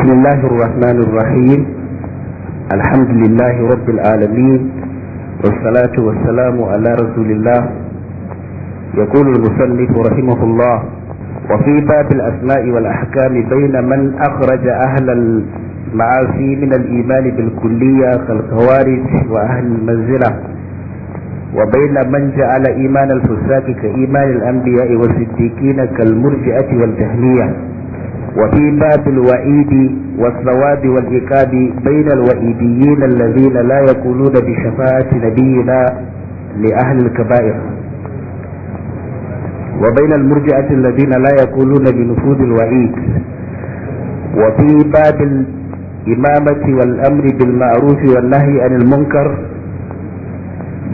بسم الله الرحمن الرحيم الحمد لله رب العالمين والصلاة والسلام على رسول الله يقول المصنف رحمه الله وفي باب الأسماء والأحكام بين من أخرج أهل المعاصي من الإيمان بالكلية كالخوارج وأهل المنزلة وبين من جعل إيمان الفساق كإيمان الأنبياء والصديقين كالمرجئة والجهمية وفي باب الوعيد والصواب والعقاب بين الوعيديين الذين لا يقولون بشفاعة نبينا لأهل الكبائر وبين المرجعة الذين لا يقولون بنفوذ الوعيد وفي باب الإمامة والأمر بالمعروف والنهي عن المنكر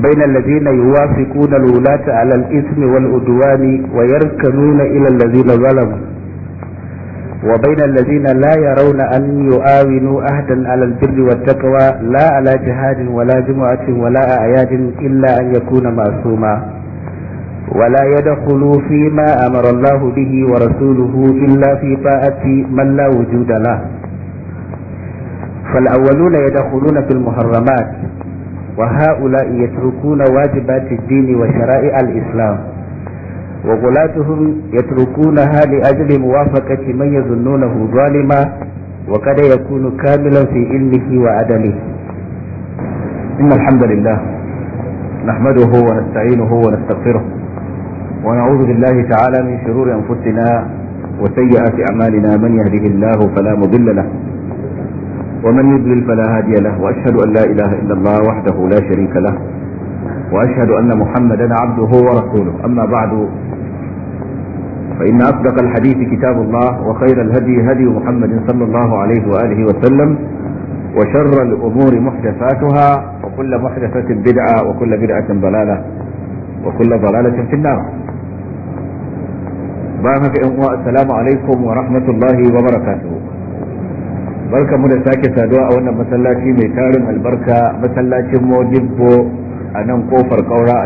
بين الذين يوافقون الولاة على الإثم والعدوان ويركنون إلى الذين ظلموا وبين الذين لا يرون أن يؤاونوا أهدا على البر والتقوى لا على جهاد ولا جمعة ولا أعياد إلا أن يكون معصوما ولا يدخلوا فيما أمر الله به ورسوله إلا في طاعة من لا وجود له فالأولون يدخلون في المحرمات وهؤلاء يتركون واجبات الدين وشرائع الإسلام وغلاتهم يتركونها لأجل موافقة من يظنونه ظالما وقد يكون كاملا في علمه وعدله إن الحمد لله نحمده ونستعينه ونستغفره ونعوذ بالله تعالى من شرور أنفسنا وسيئات أعمالنا من يهده الله فلا مضل له ومن يضلل فلا هادي له وأشهد أن لا إله إلا الله وحده لا شريك له وأشهد أن محمدا عبده ورسوله أما بعد فإن أصدق الحديث كتاب الله وخير الهدي هدي محمد صلى الله عليه وآله وسلم وشر الأمور محدثاتها وكل محدثة بدعة وكل بدعة ضلالة وكل ضلالة في النار بارك في السلام عليكم ورحمة الله وبركاته barka من da دعاء saduwa a wannan masallaci mai tarin albarka masallacin mojibbo a nan kofar kaura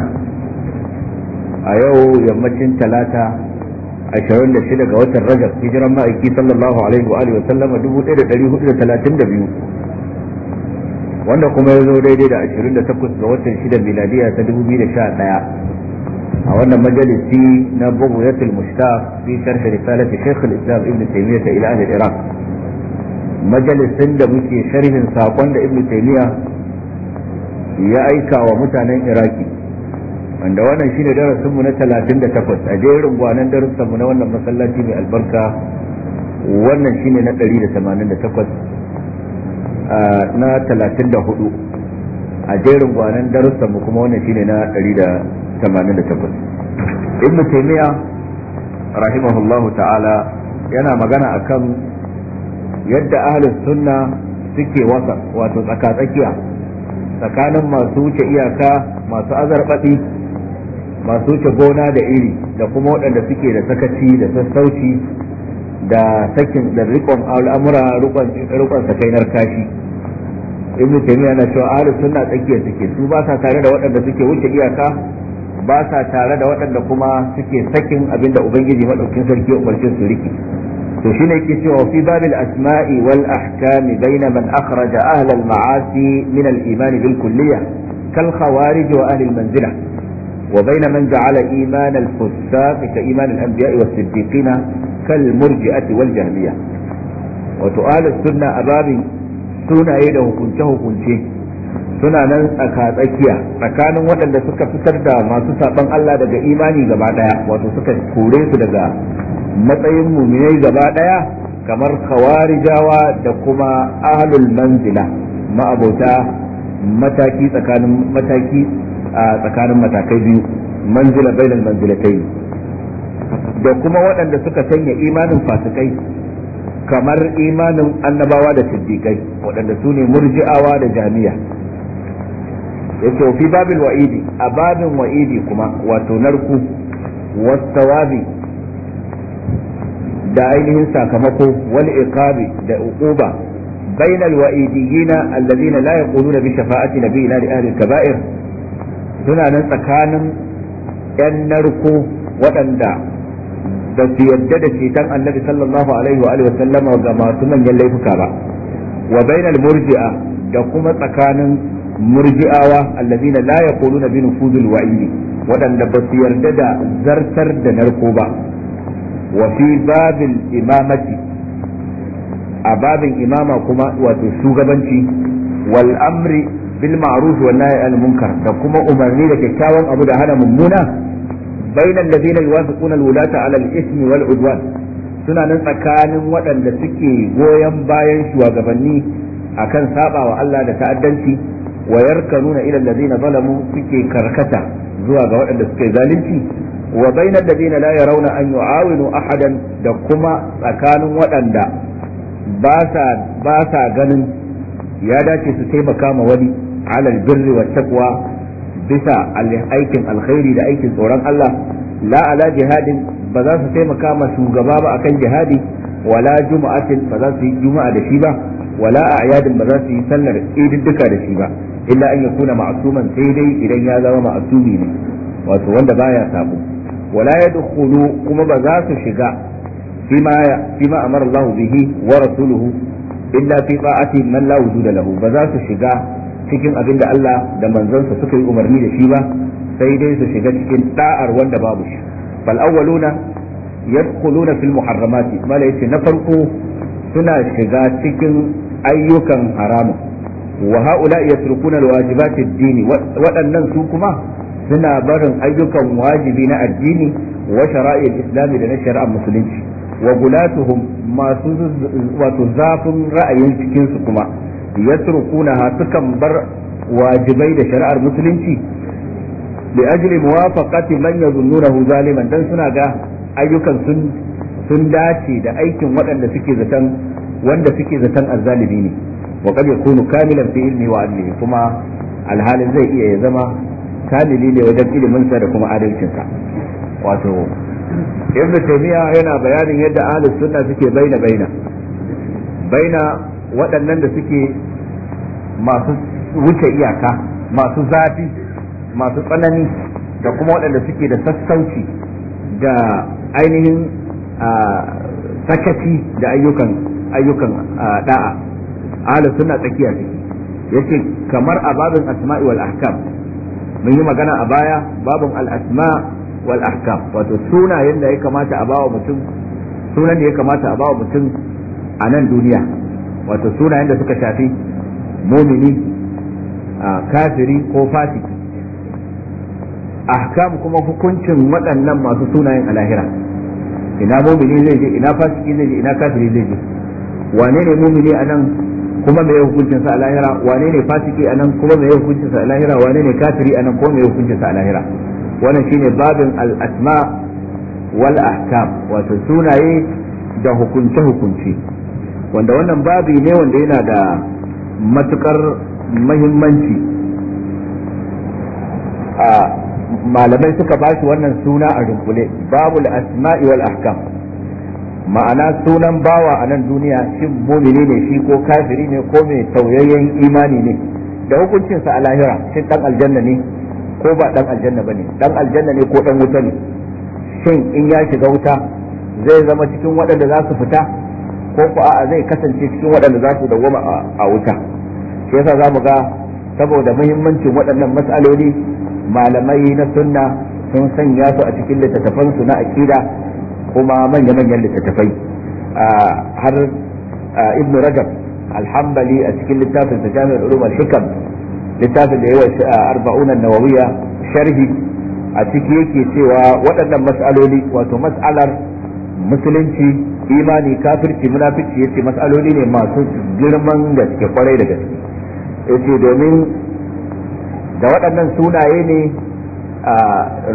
a a yau yammacin talata 26 ga watan rajab hijiran ma'aiki sallallahu alaihi wa alihi wasallama 1432 wanda kuma ya zo daidai da 28 ga watan 6 miladiya ta 2011 a wannan majalisi na bughyatul mushtaq fi sharh risalati shaykh al-islam ibn taymiyyah ila ahli iraq majalisin da muke sharhin sakon da ibn taymiyyah ya aika wa mutanen iraki wanda wannan shine darasinmu na 38 a jerin gwanan darussanmu na wannan masallaci mai albarka wannan shine na 188 na 34 a jerin gwanan darussanmu kuma wannan shine na 188 ibn taymiya rahimahullahu ta'ala yana magana akan yadda ahlus sunna suke wasa wato tsaka tsakiya tsakanin masu wuce iyaka masu azarbaɗi masu wuce gona da iri da kuma waɗanda suke da sakaci da sassauci da sakin da rikon al'amura rikon sakainar kashi ibn taymiya na cewa ahlus sunna tsakiyar suke su ba sa tare da waɗanda suke wuce iyaka ba sa tare da waɗanda kuma suke sakin abinda ubangiji madaukin sarki umarce su riki to shine yake cewa fi babil asma'i wal ahkami bayna man akhraja ahlal ma'asi min al iman bil kulliyah kal khawarij wa ahli al manzilah وبين من جعل إيمان imanin كإيمان الأنبياء والصديقين كالمرجئة والجهمية وتؤال السنة أباب سنة يده كنشه كنشه suna nan tsaka tsakiya tsakanin waɗanda suka fitar da masu saban Allah daga imani gaba wato suka kore su daga matsayin muminai gaba kamar khawarijawa da kuma ahlul manzila ma'abota mataki tsakanin mataki a tsakanin matakai biyu manzila bainal manzilatai da kuma waɗanda suka sanya imanin fasikai kamar imanin annabawa da siddiqai waɗanda su ne murji'awa da jami'a yace fi babil wa'idi a babin wa'idi kuma wato narku tawabi, da ainihin sakamako wal iqabi da uquba bainal wa'idiyina alladhina la yaquluna bi shafa'ati nabiyina li ahli al-kaba'ir suna nan tsakanin 'yan narko waɗanda da su yadda da ceton annabi sallallahu alaihi wa sallama ga masu manyan laifuka ba wa bainal murji'a da kuma tsakanin murji'awa allazina la yaquluna bi nufuzil wa'idi waɗanda ba su yarda da zartar da narko ba wa fi babil imamati a babin imama kuma wato shugabanci wal amri bil ma'ruf wal nahy al munkar da kuma umarni da kyakkyawan abu da hana mummuna bainal ladina yuwafiquna al wulata ala al ismi wal udwan suna nan tsakanin waɗanda suke goyon bayan shugabanni akan saba wa Allah da ta'addanci wa yarkanuna ila alladhina zalamu suke karkata zuwa ga waɗanda suke zalunci wa bainal ladina la yarawna an yu'awinu ahadan da kuma tsakanin waɗanda basa ganin ya dace su taimaka ma wani ala albirri wa taqwa bisa aikin alkhairi da aikin tsoron Allah la ala jihadin ba za su taimaka ma shugaba ba kan jihadi wala juma'atin ba za su yi juma'a da shi ba wala a'yadin ba za su yi sallar ididduka da shi ba illa an yakuna ma'suman sai dai idan ya zama ma'sumi ne wato wanda baya sabo wala yadkhulu kuma ba za su shiga fima fima amara Allah bihi wa rasuluhu illa fi ta'ati man la wujuda lahu ba za su shiga cikin abin da Allah da manzansa suka yi umarni da shi ba sai dai su shiga cikin da'ar wanda babu shi fal awwaluna yadkhuluna fil muharramati mala yace na farko suna shiga cikin ayyukan haramun wa haula yatrukuna alwajibati ad waɗannan su kuma suna barin ayyukan wajibi na addini wa shara'i al-islami da na shari'ar musulunci wa gulatuhum masu wato zafin ra'ayin cikin su kuma yatrukunaha sukan bar wajibai da shari'ar musulunci li ajli muwafaqati man yazunnunahu zaliman dan suna ga ayyukan sun dace da aikin waɗanda suke zaton wanda suke zaton azzalimi ne wa qad yakunu kamilan fi ilmi wa adli kuma alhalin zai iya ya zama kamili ne wajen iliminsa da kuma adalcinsa wato ibnu taymiya yana bayanin yadda ahlus sunna suke baina baina baina waɗannan da suke masu wuce iyaka masu zafi masu tsanani da kuma waɗanda suke da sassauci da ainihin sakaci da ayyukan ayyukan da'a ala sunna tsakiya su yake kamar a babin asma'i wal ahkam mun yi magana a baya babin al asma wal ahkam wato sunayen da ya kamata a bawa mutum sunan da ya kamata a bawa mutum a nan duniya wato sunayen da suka shafi mumini kafiri ko fasiki ahkam kuma hukuncin waɗannan masu sunayen a lahira ina mumini zai je ina fasiki zai je ina kafiri zai je wane ne mumini a nan kuma mai hukuncin sa a lahira wane ne fasiki a nan kuma mai hukuncin sa a lahira wane ne kafiri a nan kuma mai hukuncin sa a lahira wannan shine babin al-asma wal ahkam wato sunaye da hukunce hukunce wanda wannan babi ne wanda yana da matukar mahimmanci a malamai suka ba shi wannan suna a dunkule babu asma'i wal ahkam ma'ana sunan bawa a nan duniya shi mumini ne shi ko kafiri ne ko mai tauyayyen imani ne da hukuncinsa a lahira shi dan aljanna ne ko ba dan aljanna ne dan aljanna ne ko dan wuta ne shin in ya shiga wuta zai zama cikin waɗanda za su fita ko ko a'a zai kasance cikin waɗanda za su dawwama a wuta shi yasa za mu ga saboda muhimmancin waɗannan matsaloli malamai na sunna sun sanya su a cikin littattafan su na akida kuma manya-manyan littattafai har ibnu rajab alhambali a cikin littafin sa jami'ul ulum al-hikam littafin da yawa arba'una nawawiya sharhi a ciki yake cewa waɗannan mas'aloli wato mas'alar musulunci imani kafirci munafici yace masaloli ne masu girman gaske kwarai da gaske yace domin da waɗannan sunaye ne a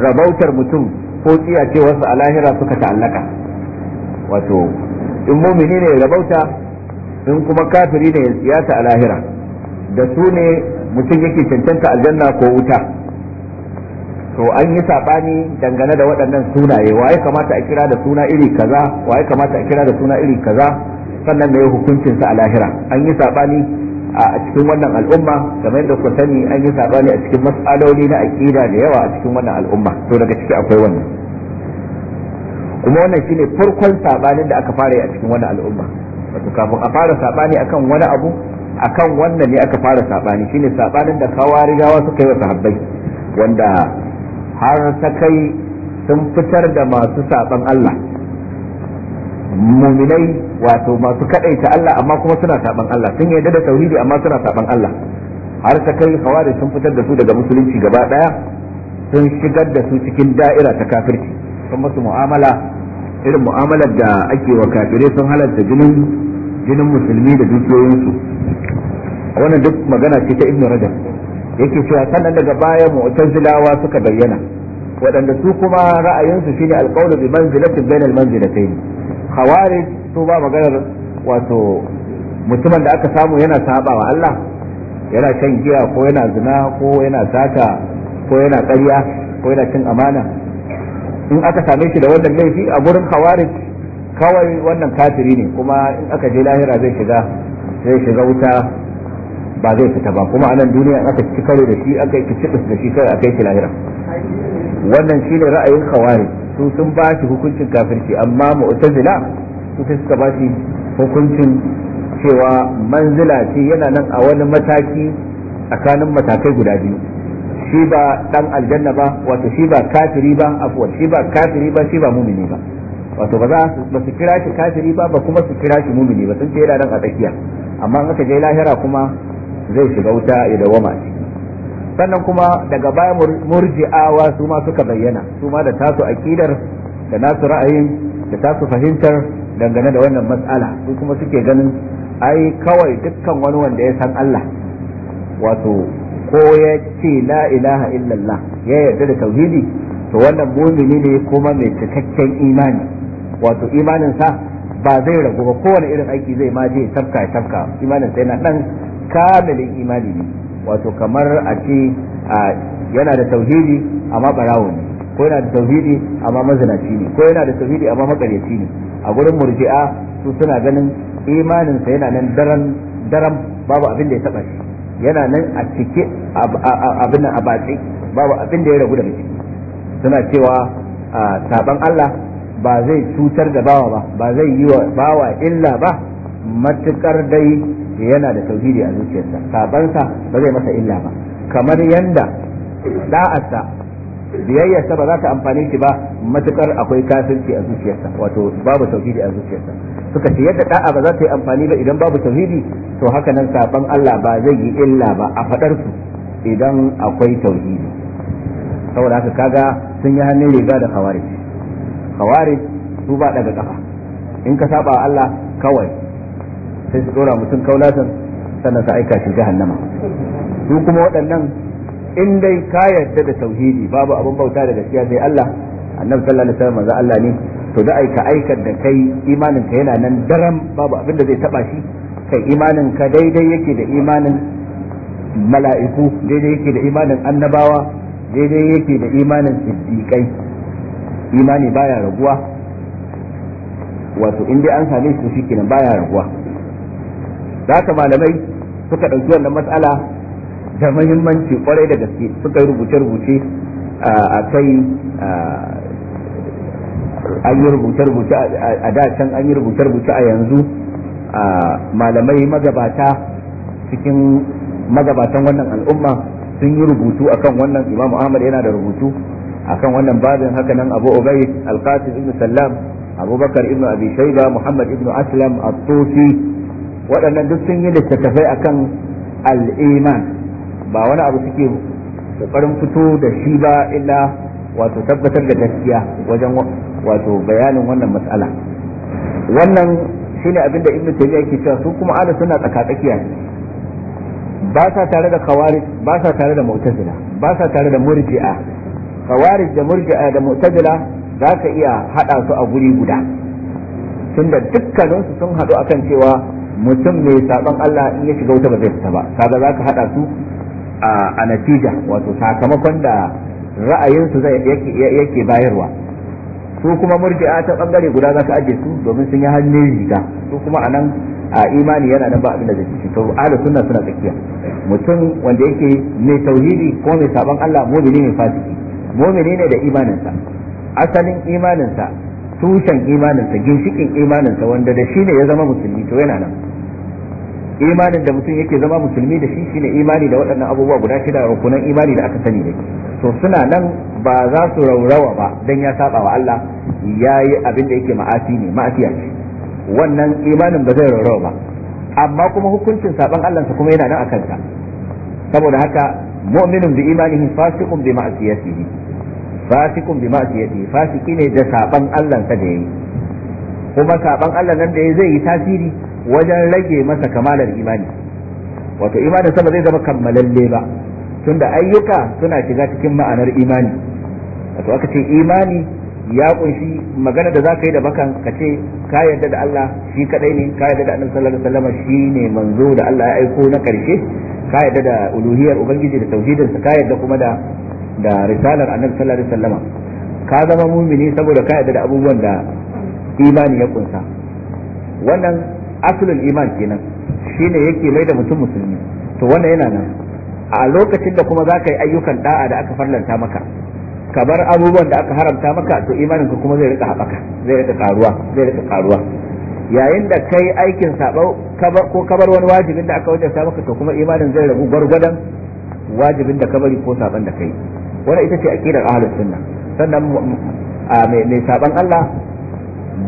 rabautar mutum ko tsiya ce wasu a suka ta'allaka wato in mumini ne rabauta in kuma kafiri ne ya tsiyata da su ne mutum yake cancanta aljanna ko wuta to an yi sabani dangane da waɗannan sunaye waye kamata a kira da suna iri kaza waye kamata a kira da suna iri kaza sannan me hukuncin sa a lahira an yi sabani a cikin wannan al'umma kamar yadda ku sani an yi sabani a cikin mas'aloli na aqida da yawa a cikin wannan al'umma to daga ciki akwai wannan kuma wannan shine farkon sabanin da aka fara a cikin wannan al'umma wato kafin a fara sabani akan wani abu akan wannan ne aka fara sabani shine sabanin da gawa suka yi wa sahabbai wanda har ta kai sun fitar da masu saɓan Allah muminai wato masu kaɗaita Allah amma kuma suna saɓan Allah sun yarda da tauhidi amma suna saɓan Allah har ta kai hawari sun fitar da su daga musulunci gaba ɗaya sun shigar da su cikin da'ira ta kafirci sun masu mu'amala irin mu'amalar da ake wa kafirai sun halarta jinin jinin musulmi da dukiyoyinsu wannan duk magana ce ta ibnu rajab yake cewa sannan daga baya mu'tazilawa suka bayyana waɗanda su kuma ra'ayinsu shine alqawlu bi manzilatin bainal manzilatayn khawarij su ba maganar wato mutumin da aka samu yana sabawa Allah yana shan giya ko yana zina ko yana sata ko yana ƙarya ko yana cin amana in aka same shi da wannan laifi a gurin khawarij kawai wannan kafiri ne kuma in aka je lahira zai shiga zai shiga wuta ba zai fita ba kuma anan duniya aka ci karo da shi aka yi da shi kai aka yi lahira wannan shine ra'ayin khawari su sun ba shi hukuncin kafirci amma mu'tazila su suka ba shi hukuncin cewa manzila ce yana nan a wani mataki tsakanin matakai guda biyu shi ba dan aljanna ba wato shi ba kafiri ba afwan shi ba kafiri ba shi ba mumini ba wato ba za ba su kira shi kafiri ba ba kuma su kira shi mumini ba sun ce yana nan a tsakiya amma in aka je lahira kuma zai shiga wuta ya dawama ce sannan kuma daga baya murji'awa su ma suka bayyana su ma da tasu akidar da nasu ra'ayin da tasu fahimtar dangane da wannan matsala su kuma suke ganin ai kawai dukkan wani wanda ya san Allah wato ko ya ce la ilaha illallah ya yarda da tauhidi to wannan mumini ne kuma mai cikakken imani wato imaninsa ba zai ragu ba kowane irin aiki zai ma je tafka ya tafka imanin sa na dan kamilin imani ne wato kamar a ce yana da tauhidi amma barawo ne ko yana da tauhidi amma mazinaci ne ko yana da tauhidi amma makaryaci ne a gurin murji'a su suna ganin imaninsa yana nan daren daren babu abin da ya taba shi yana nan a cike abin a batse babu abin da ya ragu daga ciki suna cewa saban Allah ba zai cutar da bawa ba ba zai yi wa bawa illa ba matukar dai yana da tauhidi a zuciyarsa sabansa ba zai masa illa ba kamar yanda da'arsa biyayyarsa ba za ta amfane shi ba matukar akwai kafirci a zuciyarsa wato babu tauhidi a zuciyarsa suka ce yadda da'a ba za ta yi amfani ba idan babu tauhidi to haka nan saban Allah ba zai yi illa ba a fadar su idan akwai tauhidi saboda haka kaga sun yi hannun riga da khawarij khawarij su ba daga kafa in ka saba Allah kawai sai su dora mutum kaulatan sannan su aika shi jahannama su kuma waɗannan in dai ka yarda da tauhidi babu abin bauta da gaskiya sai Allah annabi sallallahu alaihi wasallam Allah ne to da aika aikar da kai imanin ka yana nan daram babu abin da zai taba shi kai imanin ka daidai yake da imanin mala'iku daidai yake da imanin annabawa daidai yake da imanin siddiqai imani baya raguwa wato in dai an same shi shikenan baya raguwa zaka malamai suka ɗauki wannan matsala da muhimmanci kwarai da gaske suka yi rubuce-rubuce a kai an yi rubuce-rubuce a da can an yi rubuce-rubuce a yanzu malamai magabata cikin magabatan wannan al'umma sun yi rubutu akan wannan imamu ahmad yana da rubutu akan wannan babin haka nan abu ubay alqasim ibn sallam abubakar ibn abi shayba muhammad ibn aslam at-tusi waɗannan duk sun yi littattafai akan al'iman ba wani abu suke ƙoƙarin fito da shi ba illa wato tabbatar da gaskiya wajen wato bayanin wannan matsala wannan ne abin da ibn taymiya yake cewa su kuma ahlus suna tsakatsakiya ne ba sa tare da kawarij ba sa tare da mu'tazila ba sa tare da murji'a kawarij da murji'a da mu'tazila za ka iya haɗa su a guri guda tunda dukkaninsu sun haɗu akan cewa mutum mai saban Allah in ya shiga wuta ba zai fita ba kaga zaka hada su a natija wato sakamakon da ra'ayinsu zai yake bayarwa su kuma murji'a ta bangare guda zaka aje su domin sun yi hannun riga su kuma anan a imani yana nan ba abin da zai ci to ala sunna suna tsakiya mutum wanda yake mai tauhidi ko mai saban Allah mu'mini ne fasiki mu'mini ne da imaninsa asalin imaninsa tushen imaninsa ginshikin imaninsa wanda da shi ne ya zama musulmi to yana nan imanin da mutum yake zama musulmi da shi shine imani da waɗannan abubuwa guda shida rukunan imani da aka sani ne to suna nan ba za su raurawa ba dan ya saba wa Allah ya yi abin da yake ma'asi ne ma'asiya ce wannan imanin ba zai raurawa ba amma kuma hukuncin saban Allah sa kuma yana nan a kansa saboda haka mu'minun bi imanihi fasiqun bi ma'asiyatihi fasikun bi ma'siyati fasiki ne da saban Allah sa da yayi kuma saban Allah nan da yayi zai yi tasiri wajen rage masa kamalar imani wato imanin sa ba zai zama kammalalle ba tunda ayyuka suna shiga cikin ma'anar imani wato aka ce imani ya kunshi magana da zaka yi da bakan ka ce ka yarda da Allah shi kadai ne ka yarda da Annabi sallallahu alaihi wasallam ne manzo da Allah ya aiko na karshe ka yarda da uluhiyar ubangiji da tauhidin ka yarda kuma da da risalar annabi sallallahu alaihi wasallama ka zama mumini saboda ka yarda da abubuwan da imani ya kunsa wannan asulul iman kenan shine yake mai da mutum musulmi to wannan yana nan a lokacin da kuma zaka yi ayyukan da'a da aka farlanta maka ka bar abubuwan da aka haramta maka to imaninka kuma zai rika haɓaka zai rika karuwa zai rika karuwa yayin da kai aikin sabo ko kabar wani wajibin da aka wajabta maka to kuma imanin zai ragu gwargwadon wajibin da kabari ko saban da kai wannan ita ce aqidar ahlus sunna sannan mai saban Allah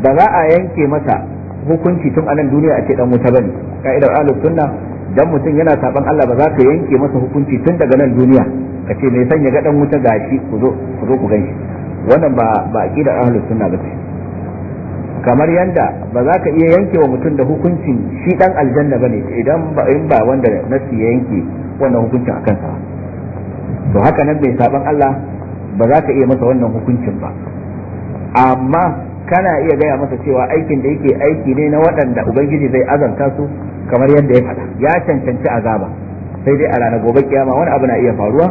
ba za a yanke masa hukunci tun anan duniya a ce dan wuta bane ka'idar ahlus sunna dan mutum yana saban Allah ba za ka yanke masa hukunci tun daga nan duniya ka ce mai sanya ga dan wuta gashi ku zo ku zo ku ganshi wannan ba ba aqidar ahlus sunna ba ce kamar yanda ba za ka iya yanke wa mutum da hukuncin shi dan aljanna bane idan ba in ba wanda nasi ya yanke wannan hukuncin akan sa to haka nan bai saban Allah ba za ka iya masa wannan hukuncin ba amma kana iya gaya masa cewa aikin da yake aiki ne na waɗanda ubangiji zai azanta su kamar yadda ya faɗa ya cancanci azaba sai dai a ranar gobe kiyama wani abu na iya faruwa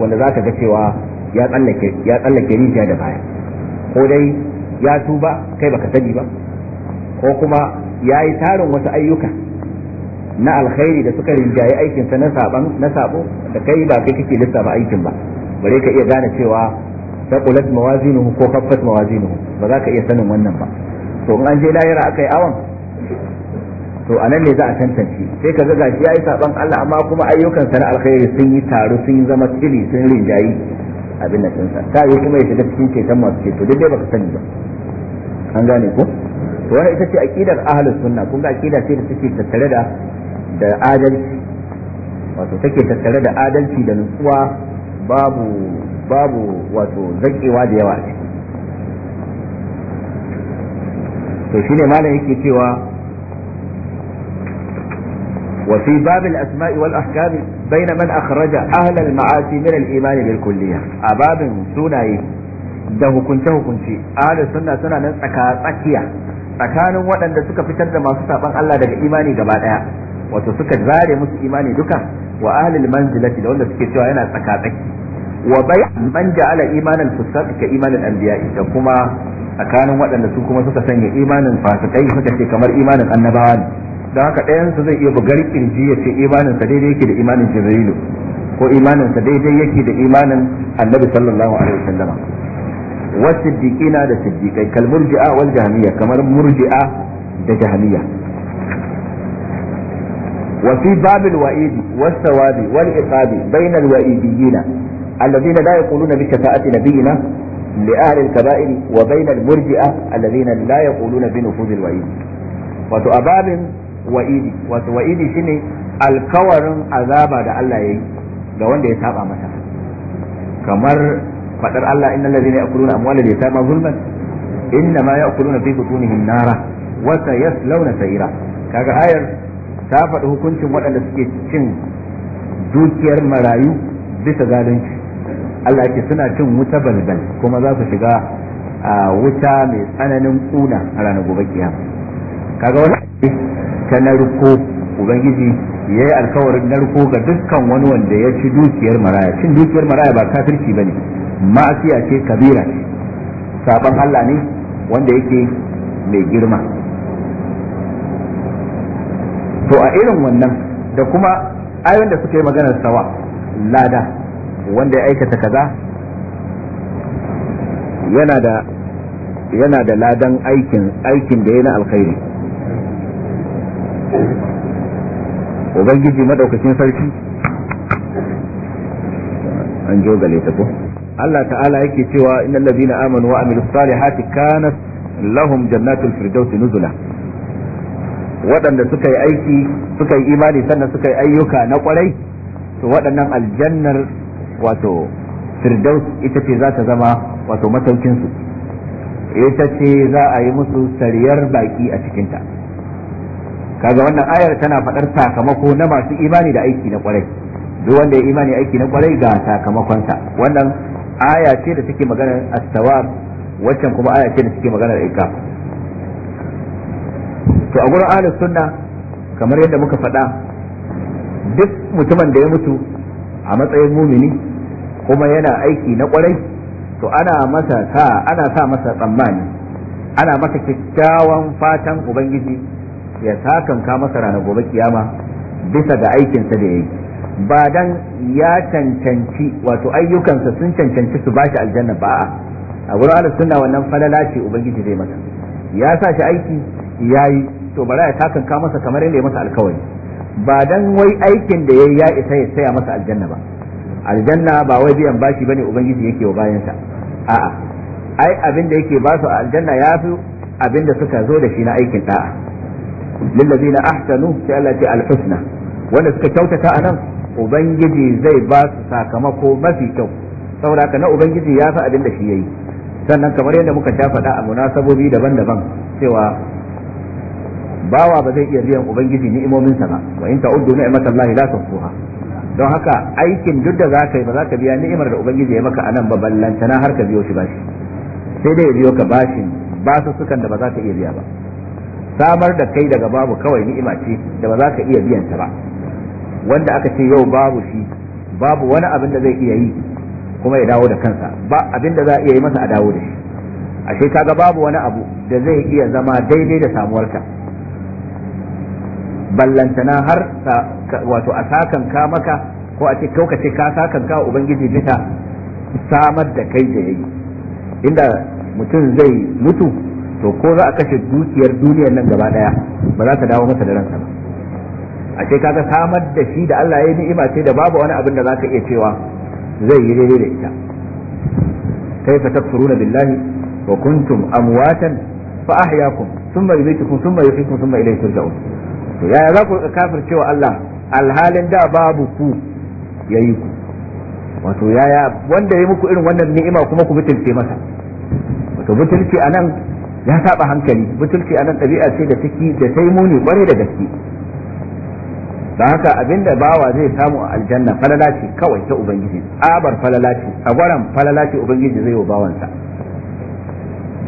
wanda za ka ga cewa ya tsallake ya tsallake rijiya da baya ko dai ya tuba kai baka sani ba ko kuma ya yi tarin wasu ayyuka na alkhairi da suka rinjaye aikinsa na saban na sabo da kai ba kai kake lissafa aikin ba bare ka iya gane cewa taqulat mawazinuhu ko kaffat mawazinuhu ba za ka iya sanin wannan ba to in an je lahira akai awan to a ne za a tantance sai ka ga shi yayi saban Allah amma kuma ayyukan sa na alkhairi sun yi taro sun yi zama tsili sun rinjayi abin da ta yi kuma ya shiga cikin ceton masu ceto duk dai baka sani ba an gane ko to wannan ita ce aqidar ahlus sunna kun ga aqida ce da take tattare da da adalci wato take tattare da adalci da nutsuwa babu babu wato zakewa da yawa ce to shine malam yake cewa wa fi babil asma'i wal ahkam bayna man akhraja ahla al ma'asi min al iman bil a babin sunaye da hukunce hukunci ahli sunna suna nan tsaka tsakiya tsakanin waɗanda suka fitar da masu saban Allah daga imani gaba daya wato suka zare musu imani duka wa ahlil manzilati da wanda suke cewa yana tsakatsaki wa bai man ja'ala imanan fusaq ka imanin anbiya'i da kuma tsakanin waɗanda su kuma suka sanya imanin fasikai suka ce kamar imanin annabawa ne don haka ɗayan su zai iya bugar kirji ya ce imanin sa daidai yake da imanin jibrilu ko imanin sa daidai yake da imanin annabi sallallahu alaihi wasallama wasiddiqina da siddiqai kal murji'a wal jahmiya kamar murji'a da jahmiya وفي باب الوعيد والثواب والعقاب بين الوئيديين الذين لا يقولون بشفاعة نبينا لأهل الكبائر وبين المرجئة الذين لا يقولون بنفوذ الوعيد wato a babin wa'idi wato wa'idi shine alkawarin azaba da Allah yayi ga wanda ya saba masa kamar fadar Allah innal ladzina ya'kuluna amwala da yatama zulman inna ma ya'kuluna fi butunihim sa'ira kaga ayar ta faɗi hukuncin waɗanda suke cin dukiyar marayu bisa zalunci Allah ke suna cin wuta balbal kuma za su shiga a wuta mai tsananin kuna a ranar gobe kiyama kaga wani ta narko ubangiji ya yi alkawarin narko ga dukkan wani wanda ya ci dukiyar maraya cin dukiyar maraya ba kafirci ba ne ma'asiya ce kabira ce sabon Allah ne wanda yake mai girma to a irin wannan da kuma ayoyin da suka yi maganar sawa lada wanda ya aikata kaza yana da yana da ladan aikin aikin da ya na alkhairi ubangiji madaukakin sarki an jogale ta ko Allah ta'ala yake cewa innal ladina amanu wa amilus salihati kanat lahum jannatul firdausi nuzula waɗanda suka yi aiki suka yi imani sannan suka yi ayyuka na kwarai to waɗannan aljannar wato firdaus ita ce za ta zama wato mataukinsu ita ce za a yi musu sariyar baƙi a cikinta kaga wannan ayar tana faɗar sakamako na masu imani da aiki na kwarai duk wanda ya imani aiki na kwarai ga sakamakonsa wannan aya ce da take maganar astawab waccan kuma aya ce da take maganar ikaf to a gurin ahlus sunna kamar yadda muka faɗa duk mutumin da ya mutu a matsayin mumini kuma yana aiki na kwarai to ana masa sa ana sa masa tsammani ana masa kyakkyawan fatan ubangiji ya sakanka masa ranar gobe kiyama bisa ga aikinsa da ya yi ba dan ya cancanci wato ayyukansa sun cancanci su bashi aljanna ba a gurin ahlus sunna wannan falala ce ubangiji zai masa ya sa shi aiki yayi to ta ya takan ka masa kamar yadda ya masa alkawari ba dan wai aikin da yayi ya isa ya saya masa aljanna ba aljanna ba wai biyan bashi bane ubangiji yake wa bayansa a'a ai abin da yake ba su aljanna ya fi abin da suka zo da shi na aikin da'a lillazina ahsanu sai Allah ce alhusna wanda suka kyautata anan ubangiji zai ba su sakamako mafi kyau saboda haka na ubangiji ya fi abin da shi yayi sannan kamar yadda muka ta faɗa a munasabobi daban-daban cewa bawa ba zai iya biyan ubangiji ni'imominsa ba wa in ta'uddu Allah la tuhsuha don haka aikin duk da za ba za ka biya ni'imar da ubangiji ya maka anan ba na har ka biyo shi bashi sai dai ya biyo ka bashin su sukan da ba za ka iya biya ba samar da kai daga babu kawai ni'ima ce da ba za ka iya biyan ta ba wanda aka ce yau babu shi babu wani abin da zai iya yi kuma ya dawo da kansa ba abin da za a iya yi masa a dawo da shi ashe kaga babu wani abu da zai iya zama daidai da samuwarka ballantana har wato a sakan ka maka ko a ce kaukace ka sakan ka ubangiji bisa samar da kai da yayi inda mutum zai mutu to ko za a kashe dukiyar duniyar nan gaba daya ba za ta dawo masa da ransa ba a ce kaga samar da shi da Allah ya ni'ima ce da babu wani abin da za ka iya cewa zai yi daidai da ita kaifa takfuruna billahi wa kuntum amwatan fa ahyakum thumma yumitukum thumma yuhyikum thumma ilayhi turja'un to yaya za ku kafir cewa Allah alhalin da babu ku yayi ku wato yaya wanda ya muku irin wannan ni'ima kuma ku butulce masa wato butulci anan ya saba hankali butulci anan ɗabi'a ce da take da sai muni kware da gaske da haka abinda bawa zai samu a aljanna falala kawai ta ubangiji abar falala ce a gwaran falala ubangiji zai wa bawansa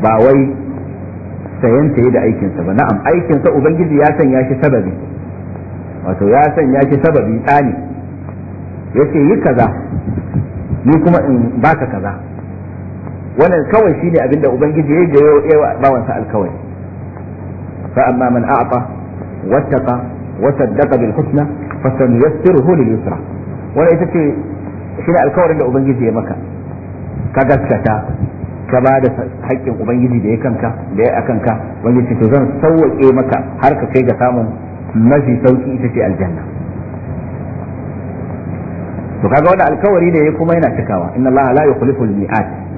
ba wai sayan ta da aikinsa ba na'am aikinsa ubangiji ya sanya shi sababi wato ya sanya shi sababi tsani ya ce yi kaza ni kuma in baka kaza wannan kawai shine abinda ubangiji ya yi wa bawansa alkawai. fa amma man a'ta wattaqa wa saddaqa bil husna fa sanuyassiruhu lil yusra wannan ita ce shi ne alkawarin da ubangiji ya maka ka gaskata ka ba da haƙƙin ubangiji da ya kanka da ya akanka wanda ce to zan sauwaƙe maka har ka kai ga samun mafi sauki ita ce aljanna to kaga wannan alkawari ne ya kuma yana cikawa inna allaha la yukhlifu al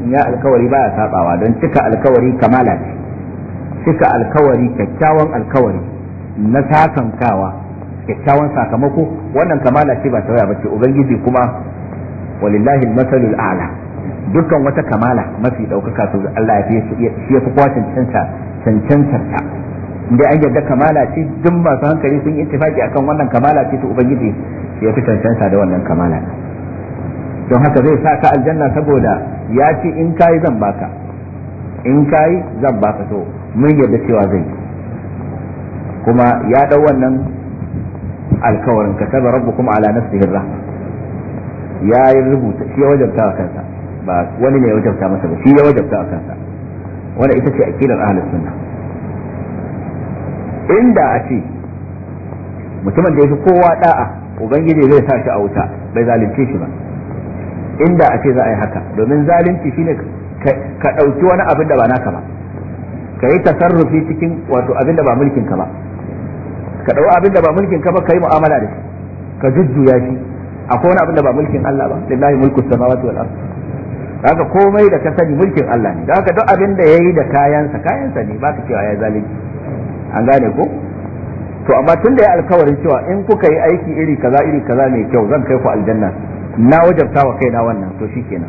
in ya alkawari baya sabawa don cika alkawari kamala ce cika alkawari kyakkyawan alkawari na sakankawa kyakkyawan sakamako wannan kamala ce ba tawaya ba ce ubangiji kuma walillahi al-masalul a'la dukkan wata kamala mafi ɗaukaka su Allah ya fi kuwa cancanta cancantarta inda an yarda kamala ce duk masu hankali sun yi tafaki akan wannan kamala ce ta ubangiji ya fi cancanta da wannan kamala don haka zai sa ka aljanna saboda ya ce in kayi zan baka in kayi zan baka to mun yarda cewa zai kuma ya dau wannan alkawarin ka saba rabbukum ala nafsihi rahma ya rubuta shi ya wajabta kansa ba wani ne ya wajabta masa ba shi ya wajabta a kansa wanda ita ce akidar ahlus sunna inda a ce mutumin da ya fi kowa da'a ubangiji zai sa shi a wuta bai zalunce shi ba inda a ce za a yi haka domin zalunci shine ka ɗauki wani abin da ba naka ba ka yi tasarrufi cikin wato abin da ba mulkin ka ba ka ɗau abin da ba mulkin ka ba ka yi mu'amala da shi ka jujjuya shi akwai wani abin da ba mulkin Allah ba lillahi mulku samawati wal ardh kaga komai da ka sani mulkin Allah ne kaga duk abin da yayi da kayansa kayansa ne ba ka cewa ya zalunci an gane ko to amma tun da ya alkawarin cewa in kuka yi aiki iri kaza iri kaza mai kyau zan kai ku aljanna na wajabta wa kaina wannan to shikenan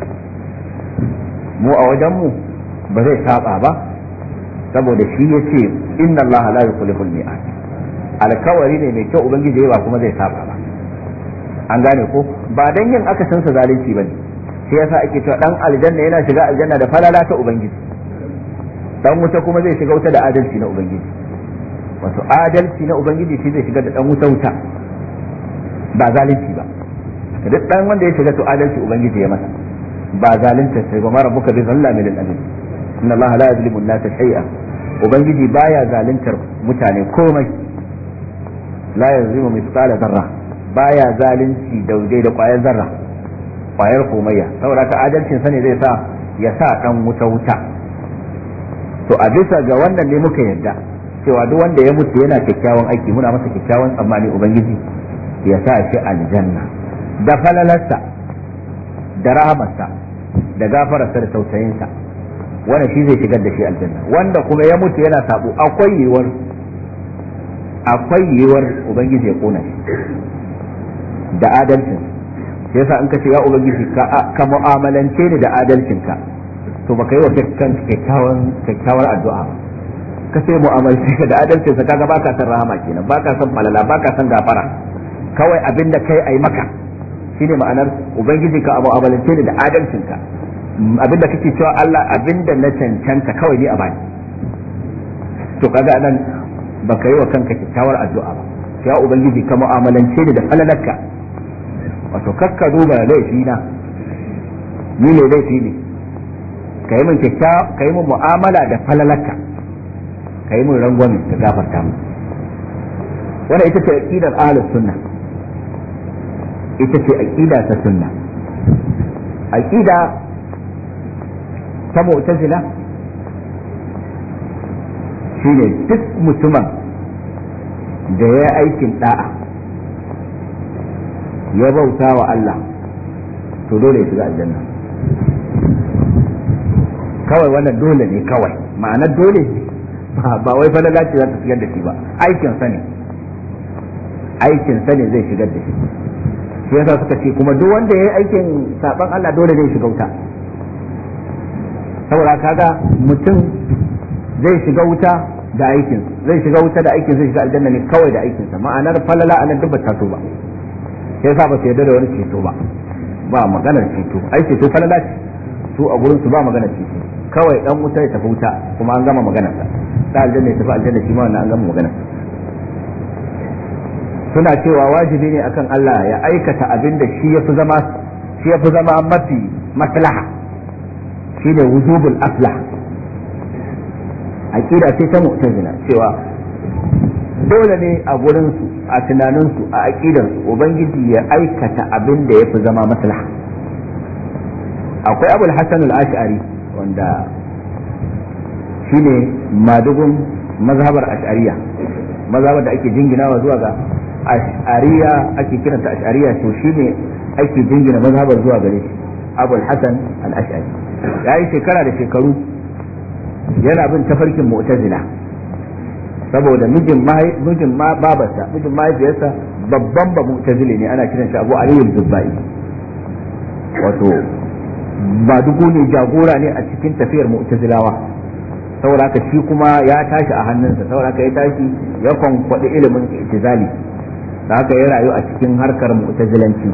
mu a wajen mu ba zai saba ba saboda shi yace inna Allah la al mi'ad alkawari ne mai kyau ubangiji ba kuma zai saba ba an gane ko ba dan yin akasin sa zalunci bane shi yasa ake cewa dan aljanna yana shiga aljanna da falala ta ubangiji dan wuta kuma zai shiga wuta da adalci na ubangiji wato adalci na ubangiji shi zai shiga da dan wuta wuta ba zalunci ba duk dan wanda ya shiga to adalci ubangiji ya masa ba zalunta sai ba mara buka bi zallami lil abid inna allaha la yuzlimu an-nasa shay'a ubangiji baya zaluntar mutane komai la yuzlimu mithqala dharra baya zalunci daudai da kwayar zarra kwayar komayya saboda ka adalcin sa ne zai sa ya sa dan wuta wuta to a bisa ga wannan ne muka yarda cewa duk wanda ya mutu yana kyakkyawan aiki muna masa kyakkyawan tsammani ubangiji ya sa shi aljanna da falalarsa da rahamarsa da gafararsa da tausayinsa wanda shi zai shigar da shi aljanna wanda kuma ya mutu yana sabo akwai yiwuwar akwai yiwuwar ubangiji ya kona shi da adalcin yasa in ka ce ya ubangiji ka mu'amalance ni da adalcinka to baka yi wa dukkan kyakkyawan kyakkyawar addu'a ka sai mu'amalance ka da adalcinsa kaga baka san rahama kenan baka san malala baka san gafara kawai abin da kai ai maka shine ma'anar ubangiji ka mu'amalance ni da adalcinka abin da kake cewa Allah abin da na cancanta kawai ni a bani to kaga nan baka yi wa kanka kyakkyawar addu'a ba ya ubangiji ka mu'amalance ni da falalarka wato kakka duba laifi na ni ne laifi ne ka yi min ka yi mu'amala da falalaka ka yi min rangwame da gafarta mu wannan ita ce aqidar ahlus sunna ita ce aqida ta sunna aqida ta mu'tazila shine duk mutumin da ya aikin da'a ya bauta wa Allah to dole ya shiga aljanna kawai wannan dole ne kawai ma'anar dole ba wai fa lalace za ta shigar da shi ba aikin sa ne aikin sa ne zai shigar da shi shi yasa suka ce kuma duk wanda ya yi aikin saban Allah dole zai shiga wuta saboda kaga mutum zai shiga wuta da aikin zai shiga wuta da aikin zai shiga aljanna ne kawai da aikin sa ma'anar falala anan duk ba ta so ba sai sa ba su yarda da wani ceto ba ba maganar ceto ai ceto falala ce su a gurin su ba maganar ceto kawai dan wuta ya tafi wuta kuma an gama maganar sa da aljanna ya tafi aljanna shi ma wannan an gama maganar suna cewa wajibi ne akan Allah ya aikata abin da shi yafi zama shi yafi zama mafi maslaha shi ne wujubul aslah aqida ce ta mu'tazila cewa dole ne a gurinsu a tunaninsu a aƙidansu ubangiji ya aikata abin da ya fi zama maslaha akwai abul hasan al-ash'ari wanda shine madugun mazhabar ash'ariya mazhabar da ake jinginawa zuwa ga ash'ariya ake kiranta ash'ariya to shine ake jingina mazhabar zuwa gare shi abul hasan al-ash'ari yayi shekara da shekaru yana bin tafarkin mu'tazila saboda mijin mijin ma babarsa mijin mahaifiyarsa babban ba mu'tazili ne ana kiran shi Abu Ali al zubai wato ba dugu ne jagora ne a cikin tafiyar mu'tazilawa saboda haka shi kuma ya tashi a hannunsa saboda haka ya tashi ya kwankwaɗi ilimin itizali da haka ya rayu a cikin harkar mu'tazilanci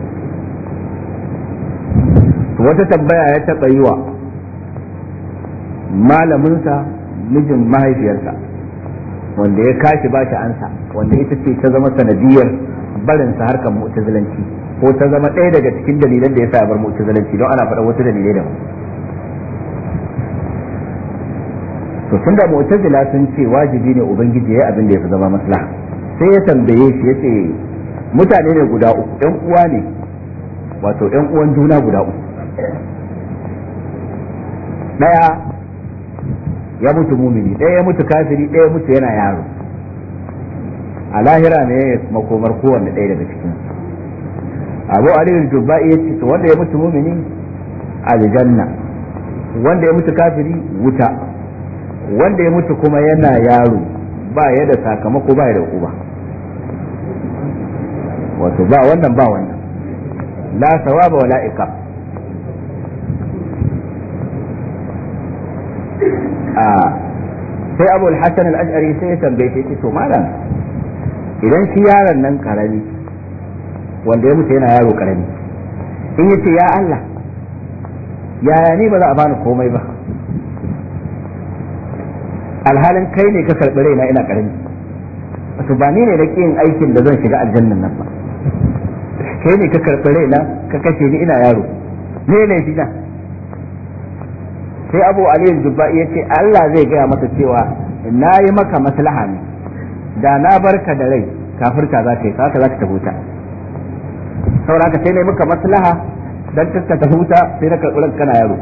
wata tambaya ya taɓa yi wa malaminsa mijin mahaifiyarsa wanda ya kashi ba shi ansa wanda ita ce ta zama sanadiyar barin sa harkar mu'tazilanci ko ta zama ɗaya daga cikin dalilan da ya sa ya bar mu'tazilanci don ana faɗa wasu dalilai da to tun da mu'tazila sun ce wajibi ne ubangiji yayi abin da ya fi zama maslaha sai ya tambaye shi ya ce mutane ne guda uku ɗan uwa ne wato ɗan uwan juna guda uku ɗaya ya mutu mumini ɗaya ya mutu kafiri ɗaya ya mutu yana yaro a lahira ne makomar kowanne ɗaya daga cikin abu rikin jubba'i iya ce wanda ya mutu mumini aljanna wanda ya mutu kafiri wuta wanda ya mutu kuma yana yaro ba ya da sakamako ba ya da uba wato ba wannan ba wannan la sawaba wala iqab sai abu alhassan hassan al sai ya tambaye shi to malam idan shi yaron nan karami wanda ya mutu yana yaro karami in yace ya Allah yaya ni ba za a bani komai ba alhalin kai ne ka karɓi raina ina karami wato ba ni ne da yin aikin da zan shiga aljannan nan ba kai ne ka karɓi raina ka kashe ni ina yaro ne ne shiga sai abu aliyu dubba ya ce Allah zai gaya masa cewa na yi maka maslaha ne da na barka da rai kafirka za ta yi haka za ta huta sauraka sai na yi maka maslaha don kaska ta huta sai na karɓi kana yaro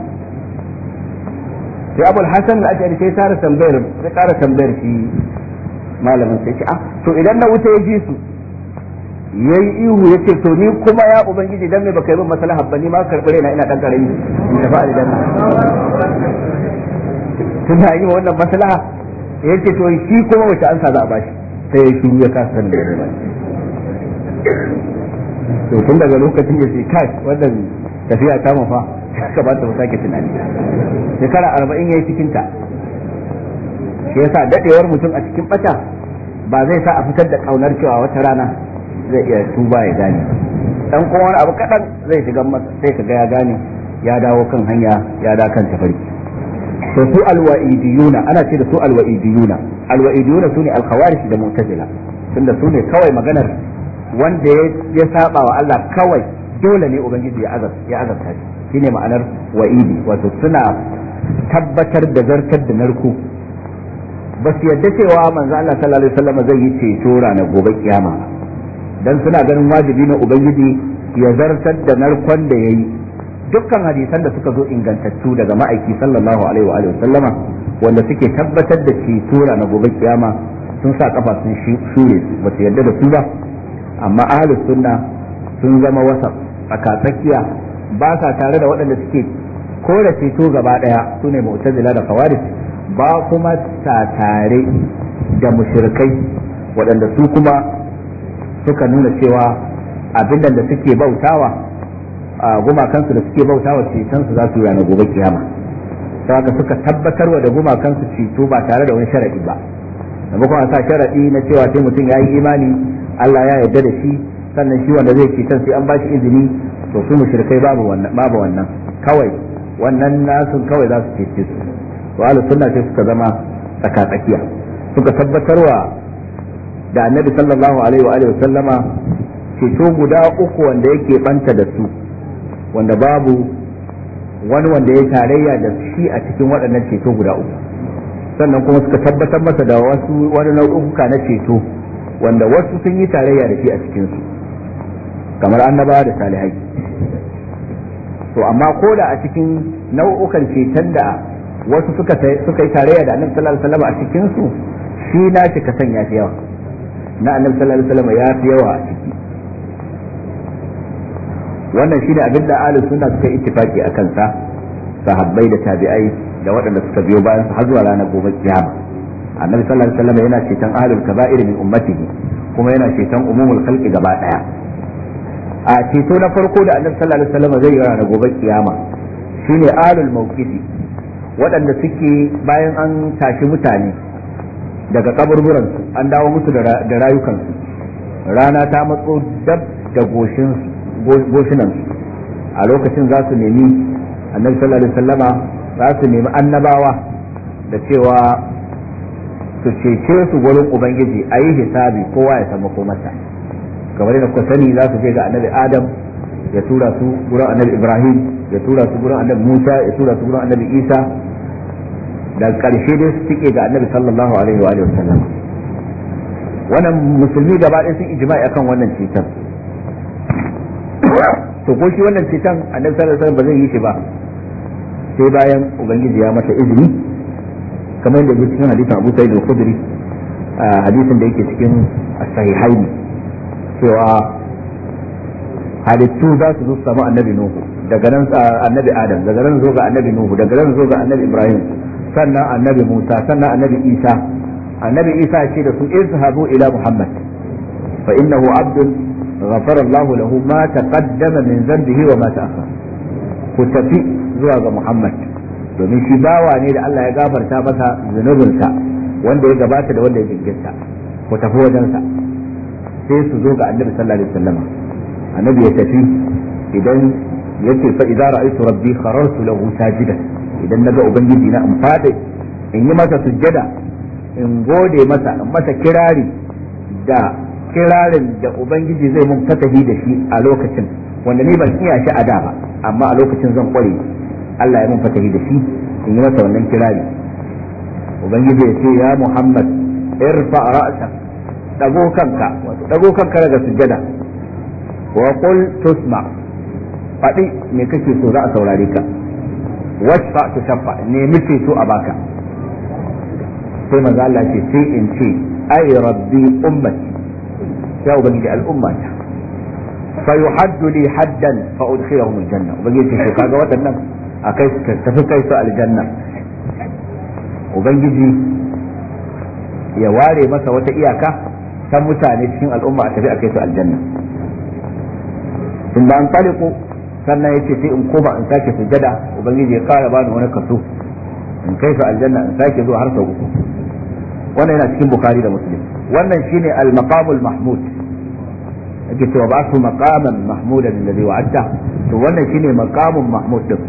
sai abu hasan da ake sai tara tambayar sai tara tambayar shi malamin sai ce ah to idan na wuta ya ji su yayi ihu yace to ni kuma ya ubangiji dan me baka yi min maslaha ba ni ma karbi na ina dan karami in tafi aljanna tun da yi wa wannan maslaha yace to shi kuma wace ansa za a bashi sai ya shiru ya kasa da yarda to tun daga lokacin ya ce kai wannan tafiya ta mafa kamata mu sake tunani shekara arba'in ya yi cikinta shi yasa dadewar mutum a cikin bata ba zai sa a fitar da kaunar cewa wata rana zai iya tuba ya gane dan kuma wani abu kadan zai shiga masa sai ga ya gane ya dawo kan hanya ya da kan tafarki to su alwa'idiyuna ana ce da su alwa'idiyuna alwa'idiyuna sune alkhawarij da mu'tazila tunda sune kawai maganar wanda ya saba wa Allah kawai dole ne ubangiji ya azab ya azabta shi shine ma'anar wa'idi wato suna tabbatar da zartar da narku ba su yadda cewa manzo Allah sallallahu alaihi wasallam zai yi ceto ranar gobe kiyama dan suna ganin wajibi na ubangiji ya zartar da narkon da yayi dukkan hadisan da suka zo ingantattu daga ma'aiki sallallahu alaihi wa alihi sallama wanda suke tabbatar da ceto na gobe kiyama sun sa kafa sun shure ba su yarda da su ba amma ahli sunna sun zama wasa tsakiya ba sa tare da waɗanda suke kora ceto gaba daya sune mu'tazila da khawarij ba kuma sa tare da mushrikai waɗanda su kuma suka nuna cewa abin da suke bautawa a gumakansu da suke bautawa cetonsu za su yana ranar gobe kiyama haka suka tabbatarwa da gumakansu ceto ba tare da wani sharaɗi ba kuma a sa sharaɗi na cewa sai mutum ya yi imani Allah ya yarda da shi sannan shi wanda zai ceton sai an ba shi izini to su mushrikai babu wannan kawai wannan nasun kawai za su cece su to sai suka zama tsaka tsakiya suka tabbatarwa da annabi sallallahu alaihi wa alihi sallama ceto guda uku wanda yake banta da su wanda babu wani wanda ya tarayya da shi a cikin waɗannan ceto guda uku sannan kuma suka tabbatar masa da wasu wani nau'uka na ceto wanda wasu sun yi tarayya da shi a cikin su kamar annaba da salihai to amma ko da a cikin nau'ukan ceton da wasu suka yi tarayya da annabi sallallahu alaihi sallama a cikin su shi na shi ka sanya shi yawa na annabi sallallahu alaihi wasallam ya fi yawa a ciki wannan shine abin da ahlus sunna suka ittifaki a kansa sahabbai da tabi'ai da waɗanda suka biyo bayan su har zuwa ranar gobe kiyama annabi sallallahu alaihi wasallam yana ceton ahlul kaba'ir min ummatihi kuma yana ceton umumul khalqi gaba daya a ceto na farko da annabi sallallahu alaihi wasallam zai yi ranar gobe kiyama shine ahlul mawqifi waɗanda suke bayan an tashi mutane daga kaburburansu an dawo musu da rayukansu rana ta matso dab da goshinansu a lokacin za su nemi annabi sallallahu alaihi wasallama za su nemi annabawa da cewa su cece su gurin ubangiji a yi hisabi kowa ya san makomarsa kamar yadda kuka sani za su je ga annabi adam ya tura su gurin annabi ibrahim ya tura su gurin annabi musa ya tura su gurin annabi isa da karshe dai su tike ga annabi sallallahu alaihi wa sallam wannan musulmi gaba ɗaya sun ijma'i akan wannan cutar to ko shi wannan cutar annabi sallallahu alaihi wasallam ba zai yi shi ba sai bayan ubangiji ya mata izini kamar yadda yake cikin hadisin Abu Sa'id al-Khudri hadisin da yake cikin as-sahihaini cewa halittu za su zo samu annabi Nuhu daga nan annabi Adam daga nan zo ga annabi Nuhu daga nan zo ga annabi Ibrahim sannan annabi Musa sannan annabi Isa annabi Isa ce da su izhabu ila Muhammad fa innahu abdun ghafara Allahu lahu ma taqaddama min dhanbihi wa ma ta'akhkhara ku tafi zuwa ga Muhammad domin shi bawa ne da Allah ya gafarta masa zunubinsa wanda ya gabata da wanda ya jinkirta ku tafi wajensa sai su zo ga annabi sallallahu alaihi wasallam annabi ya tafi idan yace fa idza ra'aytu rabbi kharartu lahu sajidan idan naga ubangiji na in fada in yi masa sujjada in gode masa in masa kirari da kirarin da ubangiji zai mun fatahi da shi a lokacin wanda ni ban iya shi a da ba amma a lokacin zan kware Allah ya mun fatahi da shi in yi masa wannan kirari ubangiji ya ce ya Muhammad irfa ra'sa dago kanka wato dago kanka daga sujjada wa qul tusma faɗi me kake so za a saurare ka washfa tu shafa ne mutu su a baka sai maza Allah ce sai in ce ai rabbi ummati ya ubangiji al'umma ta fa yuhaddu li haddan fa udkhiluhum aljanna ubangiji ce kaga waɗannan akai su tafi kai su aljanna ubangiji ya ware masa wata iyaka ta mutane cikin al'umma a tafi a kai su aljanna ثم انطلقوا sannan yace sai in koma in sake sujada ubangiji ya kara bani wani kaso in kai su aljanna in sake zuwa har sau uku wannan yana cikin bukhari da muslim wannan shine al-maqamul mahmud yake cewa ba su maqaman mahmudan alladhi wa'adta to wannan shine maqamun mahmud din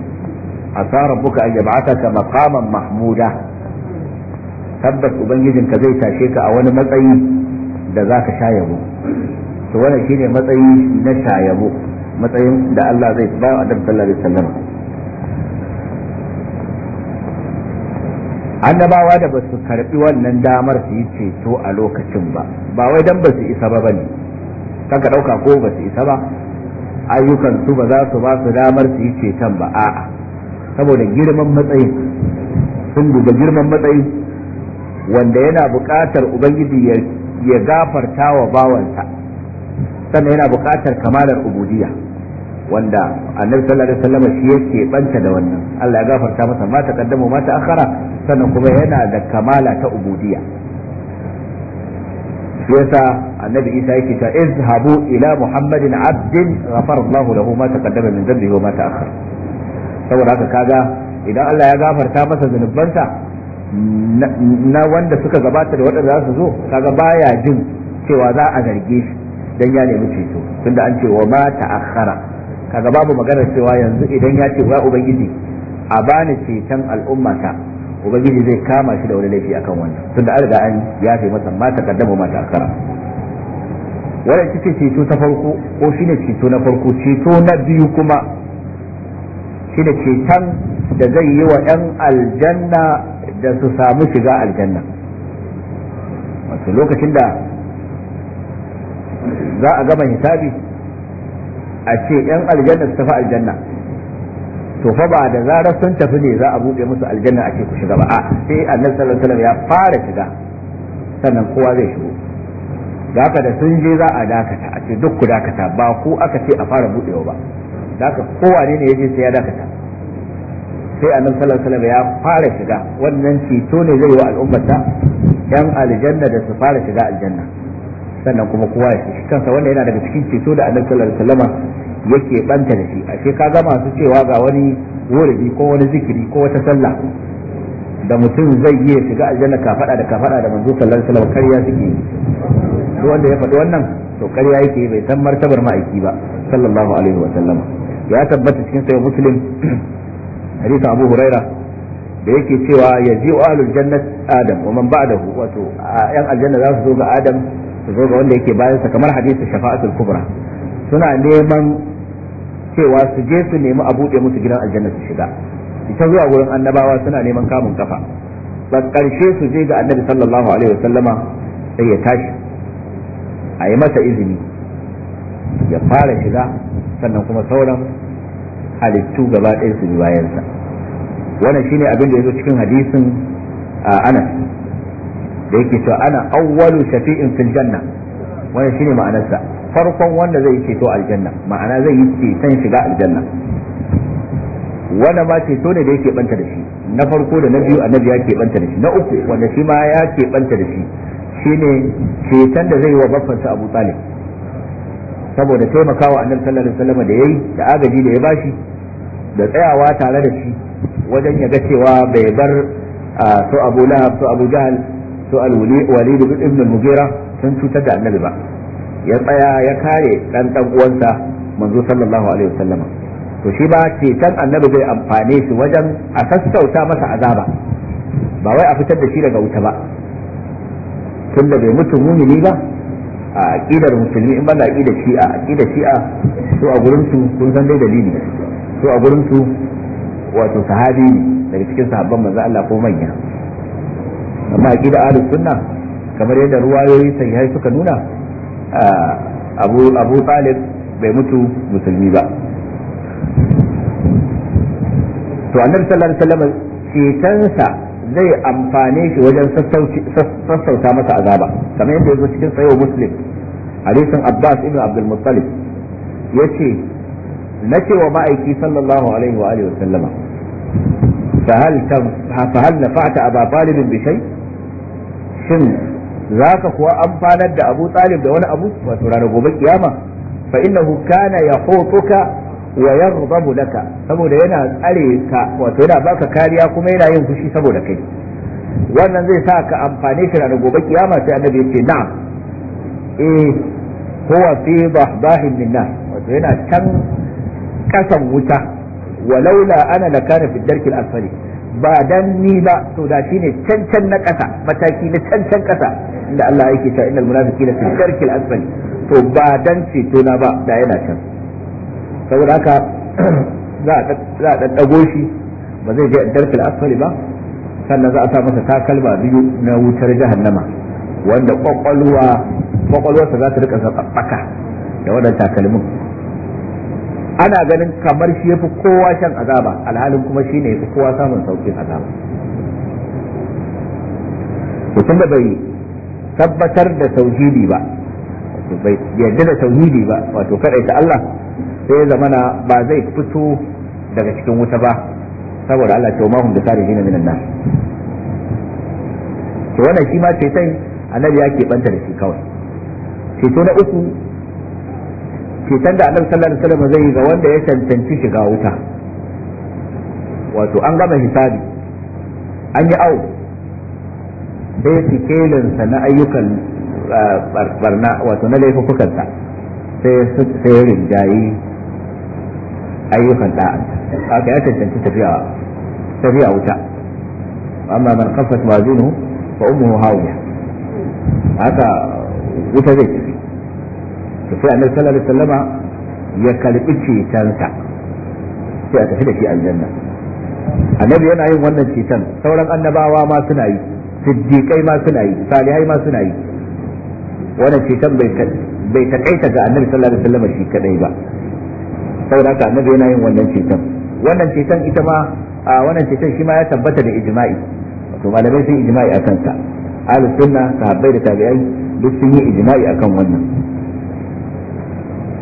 asa rabbuka an yab'athaka maqaman mahmuda tabbas ka zai tashe ka a wani matsayi da zaka shayabo to wannan shine matsayi na shayabo matsayin da Allah zai ba a Annabi sallallahu sallama. annabawa da ba su karbi wannan damar su yi ceto a lokacin ba ba wai dan ba su isa ba bane kanka dauka ko ba su isa ba ayyukan su ba za su ba su damar su yi ceton ba a'a saboda girman matsayi, sun duba girman matsayi, wanda yana buƙatar ubangiji ya gafarta wa bawansa sannan yana buƙatar kamalar ubudiyya wanda annabi sallallahu alaihi wasallam shi yake banta da wannan Allah ya gafarta masa ma ta kaddamo ma ta akhara sannan kuma yana da kamala ta ubudiyya shi yasa annabi Isa yake ta izhabu ila muhammadin abdin ghafara Allah lahu ma taqaddama min dhanbihi wa ma ta'akhkhara saboda haka kaga idan Allah ya gafarta masa zunubansa na wanda suka gabata da waɗanda za su zo kaga baya jin cewa za a zarge shi dan ya nemi ceto tunda an ce wa ma ta'akhkhara kaga babu maganar cewa yanzu idan ya ce ya ubangiji a bani ceton al'umma ta ubangiji zai kama shi da wani laifi akan wannan tunda da arga an fi masa ma takaddama ma takara wannan cikin ceto ta farko ko shine ceto na farko ceto na biyu kuma shine ceton da zai yi wa 'yan aljanna da su samu shiga aljanna wato lokacin da za a gama hisabi a ce yan aljanna su tafi aljanna to fa ba da zarar sun tafi ne za a buɗe musu aljanna a ce ku shiga ba a sai annabi sallallahu alaihi wasallam ya fara shiga sannan kowa zai shigo da haka da sun je za a dakata a ce duk ku dakata ba ku aka ce a fara buɗewa ba haka kowa ne ya je sai ya dakata sai annabi sallallahu alaihi wasallam ya fara shiga wannan ceto ne zai yi wa al'ummata yan aljanna da su fara shiga aljanna sannan kuma kowa ya shi kansa wanda yana daga cikin ceto da annabi sallallahu alaihi wasallam yake banta da shi ashe ka ga masu cewa ga wani wuri ko wani zikiri ko wata sallah da mutum zai yi ya shiga aljanna ka fada da ka fada da manzo sallallahu alaihi wasallam kariya suke yi duk wanda ya faɗi wannan to kariya yake bai san martabar ma'aiki ba sallallahu alaihi wasallam ya tabbata cikin sahih muslim hadisi abu huraira da yake cewa yaji'u ahlul jannat adam wa man ba'dahu wato yan aljanna za su zo ga adam su zo ga wanda yake bayan sa kamar hadisi shafa'atul kubra suna neman cewa su je su nemi a buɗe musu gidan aljanna su shiga ita zuwa wurin annabawa suna neman kamun kafa ba karshe su je ga annabi sallallahu alaihi wasallama sai ya tashi a yi masa izini ya fara shiga sannan kuma sauran halittu gaba ɗaya su bi bayansa wannan shine abin da ya zo cikin hadisin anas da yake to ana awwalu shafi'in fil janna wannan shine ma'anarsa farkon wanda zai ceto aljanna ma'ana zai yi ceton shiga aljanna wannan ma ceto ne da yake banta da shi na farko da na biyu annabi ya ke banta da shi na uku wanda shi ma ya ke banta da shi shine ceton da zai yi wa baffansa Abu Talib saboda taimakawa annabi sallallahu alaihi wasallam da yayi da agaji da ya bashi da tsayawa tare da shi wajen ya ga cewa bai bar su Abu Lahab su Abu Jahl su al-walid ibn al-mughira sun cutar da annabi ba ya tsaya ya kare dan dan uwansa manzo sallallahu alaihi wasallama to shi ba ceton annabi zai amfane su wajen a sassauta masa azaba ba wai a fitar da shi daga wuta ba tunda bai mutu mumini ba a aqidar musulmi in balla aqidar shi'a aqidar shi'a su a gurin su kun san dai dalili su a gurin su wato sahabi ne daga cikin sahabban manzo Allah ko manya amma gida ahlus sunna kamar yadda ruwayoyi sahihai suka nuna abu abu talib bai mutu musulmi ba to annabi sallallahu alaihi wasallam cetonsa zai amfane shi wajen sassauta masa azaba kamar yadda yake cikin sayo muslim hadisin abbas ibn abdul muttalib yace nace wa ma'aiki sallallahu alaihi wa alihi wa sallama fa hal nafa'ta aba talib bi shay' shin ka kuwa amfanar da Abu Talib da wani abu wato ranar gobe kiyama fa innahu kana hotuka wa yaghdabu laka saboda yana tsare ka wato yana baka kariya kuma yana yin fushi saboda kai wannan zai sa ka amfane shi ranar gobe kiyama sai annabi ya ce na? eh huwa fi bahbahin min nar wato yana can kasan wuta walaula ana lakana fi darkil asfali ba dan ni ba to da shine cancan na ƙasa mataki na cancan ƙasa inda Allah yake cewa innal munafiqina fi sharkil asfali to ba dan ceto na ba da yana can saboda haka za a daddago shi ba zai je darkil asfali ba sannan za a sa masa takalma biyu na wutar jahannama wanda kwakwalwa kwakwalwarsa za ta rika zaɓaɓɓaka da waɗannan takalmin ana ganin kamar shi yafi kowa shan azaba alhalin kuma shi ne yafi kowa samun saukin azaba mutum da bai tabbatar da tauhidi ba bai yarda da tauhidi ba wato kadai ta Allah sai zamana ba zai fito daga cikin wuta ba saboda Allah ce ma hum da tare hina minan nan. to wannan shi ma sai annabi ya banta da shi kawai ceto na uku ceton da annabi sallallahu alaihi wasallam zai yi ga wanda ya cancanci shiga wuta wato an gama hisabi an yi au bai sa na ayyukan barna wato na laifukan sa sai ya rinjayi ayyukan da'an aka ya cancanci tafiya tafiya wuta amma man kafat mazinuhu fa ummuhu hawiya haka wuta zai da sai annabi sallallahu alaihi wasallama ya karbi cetonsa sai a tafi da shi aljanna annabi yana yin wannan ceton sauran annabawa ma suna yi siddiqai ma suna yi salihai ma suna yi wannan ceton bai bai takaita ga annabi sallallahu alaihi wasallama shi kadai ba saboda haka annabi yana yin wannan ceton wannan ceton ita ma a wannan ceton shi ma ya tabbata da ijma'i to malamai sun ijma'i akan sa ahlus sunna sahabbai da tabi'ai duk sun yi ijma'i akan wannan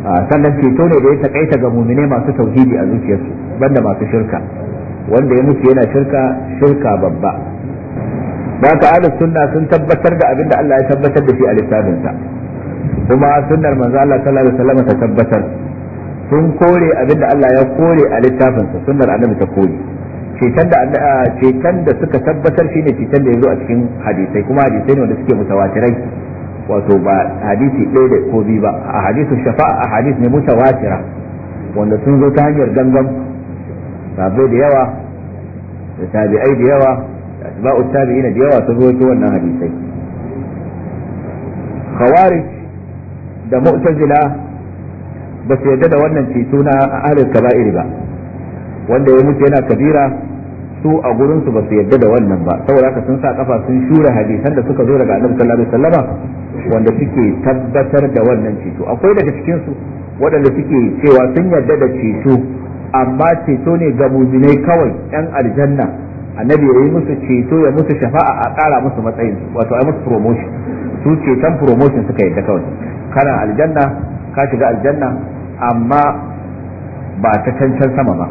Ah, sannan ceto ne da ya takaita ga mumine masu tauhidi a zuciyarsu banda masu shirka wanda ya mutu yana shirka shirka babba da ka ahlus sunna sun tabbatar da abin da Allah ya tabbatar da shi a littafinsa kuma sunnar manzo Allah sallallahu alaihi wasallam ta tabbatar sun kore abin da Allah ya kore a littafinsa sunnar annabi ta kore cetan da ah, ceton da suka tabbatar shine cetan da yazo a cikin hadisai kuma hadisai ne wanda suke mutawatirai wato ba hadisi ɗaya da ko biyu ba a hadisu shafa'a a hadis ne mutawatira wanda sun zo ta hanyar gangan sabai da yawa da tabi'ai da yawa da asba'u tabi'ina da yawa sun zo ta wannan hadisai khawarij da mu'tazila ba su yarda da wannan ceto na ahlul kaba'iri ba wanda ya mutu yana kabira su a gurin su ba su yadda da wannan ba saboda haka sun sa kafa sun shura hadisan da suka zo daga annabi sallallahu alaihi wasallama wanda suke tabbatar da wannan ceto akwai daga cikin su waɗanda suke cewa sun yadda da ceto amma ceto ne ga muminai kawai yan aljanna annabi ya yi musu ceto ya musu shafa'a a ƙara musu matsayin wato ai musu promotion su ceton promotion suka yadda kawai kana aljanna ka shiga aljanna amma ba ta cancan sama ba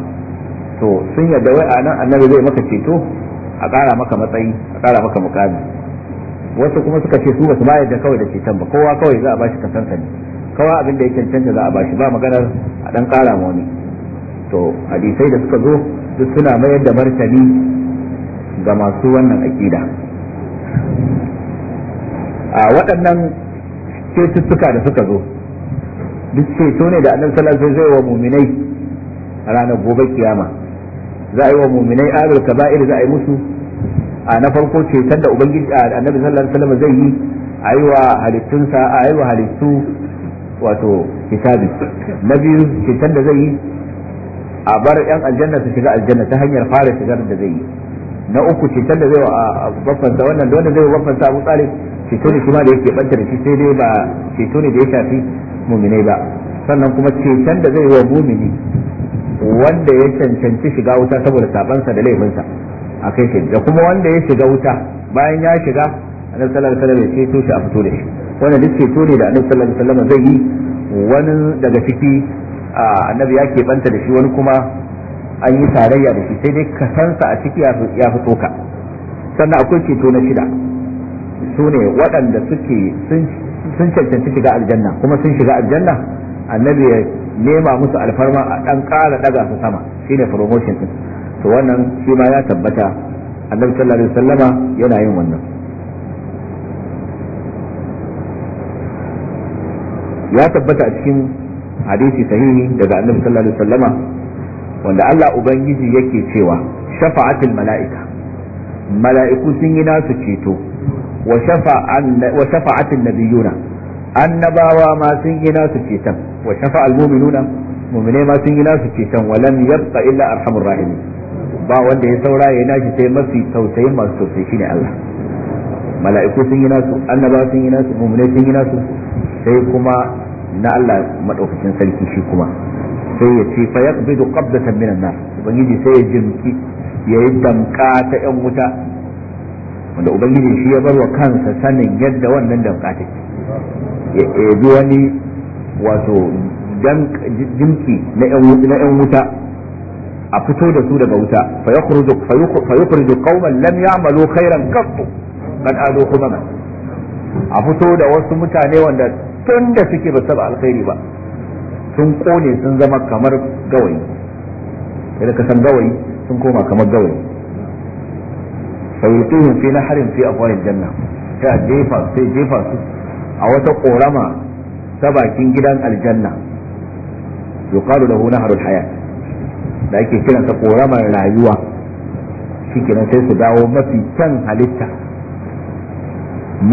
to sun yadda wai anan annabi zai maka ceto a ƙara maka matsayi a ƙara maka mukami wasu kuma suka ce su basu ba yadda kawai da ceton ba kowa kawai za a bashi kasanta ne kawai abin da ya cancanta za a bashi ba maganar a dan ƙara ma wani to hadisai da suka zo duk suna mayar da martani ga masu wannan aƙida a waɗannan cututtuka da suka zo duk ceto ne da annabi sallallahu alaihi sallam zai wa muminai ranar gobe kiyama za a yi wa mu'minai ahlul kaba'ir za a yi musu a na farko cetar da ubangiji annabi sallallahu alaihi wasallam zai yi a yi wa halittunsa a yi wa halittu wato hisabi na biyu cetar da zai yi a bar yan aljanna su shiga aljanna ta hanyar fara shigar da zai yi na uku cetar da zai wa babbansa wannan da wanda zai wa babbansa abu tsari ceto ne kuma da yake banta da shi sai dai ba ceto ne da ya shafi muminai ba sannan kuma ceton da zai wa mumini wanda ya cancanci shiga wuta saboda sabansa da laifinsa a kai shi da kuma wanda ya shiga wuta bayan ya shiga annabi sallallahu alaihi wasallam ya ceto shi a fito da shi wannan duk ceto ne da annabi sallallahu alaihi wasallam zai yi wani daga ciki annabi ya banta da shi wani kuma an yi tarayya da shi sai dai kasansa a ciki ya fito ka sannan akwai ceto na shida su ne waɗanda suke sun cancanci shiga aljanna kuma sun shiga aljanna annabi ya nema musu alfarma a dan ƙara daga su sama shine promotion din to wannan shi ma ya tabbata annabi sallallahu alaihi wasallama yana yin wannan ya tabbata a cikin hadisi sahihi daga annabi sallallahu alaihi wasallama wanda Allah ubangiji yake cewa shafa'atul mala'ika mala'iku sun yi nasu ceto wa shafa'atul nabiyuna annabawa ma sun yi nasu ceton wa shafa almu'minuna mu'mine ma sun yi nasu ceton wa lam yabqa illa arhamur rahim ba wanda ya saura ya nashi sai mafi tausayin masu tausayi shine Allah mala'iku sun yi nasu annabawa sun yi nasu mu'mine sun yi nasu sai kuma na Allah madaukakin sarki shi kuma sai ya ce fa yaqbidu qabdatan minan nar ubangiji sai ya jinki yayi damka ta yan wuta wanda ubangiji shi ya bar wa kansa sanin yadda wannan damka take ya ebi wani wato jimki na yan wuta a fito da su daga wuta fa yukhriju qauman lam ya'malu khairan qattu qad adu humama a fito da wasu mutane wanda tun da suke ba saba alkhairi ba sun kone sun zama kamar gawayi idan ka san gawayi sun koma kamar gawayi fa yutihim fi harin fi afwahil janna ta jefa sai jefa su a wata korama ta bakin gidan aljanna yuqalu lahu nahrul hayat da ake kiransa koramar rayuwa shikenan sai su dawo mafi kyan halitta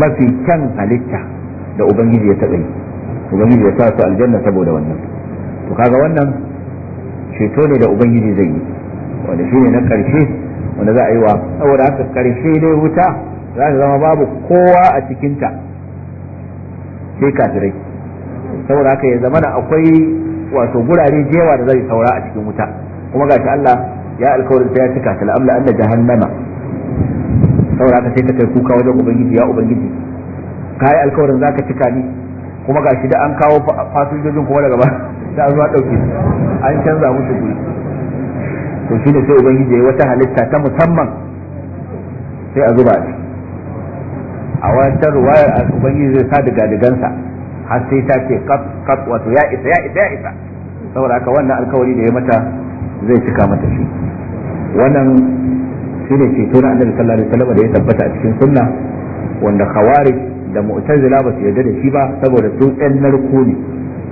mafi kyan halitta da ubangiji ya taɓa yi ubangiji ya sa su aljanna saboda wannan to kaga wannan ceto ne da ubangiji zai yi wanda shi ne na ƙarshe wanda za a yi wa saboda haka ƙarshe dai wuta za ta zama babu kowa a cikinta sai kafirai saboda haka ya zamana akwai wato gurare jewa da zai saura a cikin wuta kuma gashi Allah ya alkawarin ta ya cika ta la'amla anna jahannama saboda haka sai ka kai kuka wajen ubangiji ya ubangiji ka yi alkawarin zaka cika ni kuma gashi da an kawo fasinjojin kuma daga ba da zuwa dauke an canza musu guri to shine sai ubangiji ya wata halitta ta musamman sai a zuba a ciki a wata ruwayar ubangiji zai sa daga digansa har sai ta ce kat wato ya isa ya isa ya isa saboda haka wannan alkawari da ya mata zai cika mata shi wannan shine ceto na annabi sallallahu alaihi wasallam da ya tabbata a cikin sunna wanda khawari da mu'tazila ba su yarda da shi ba saboda su ɗan narko ne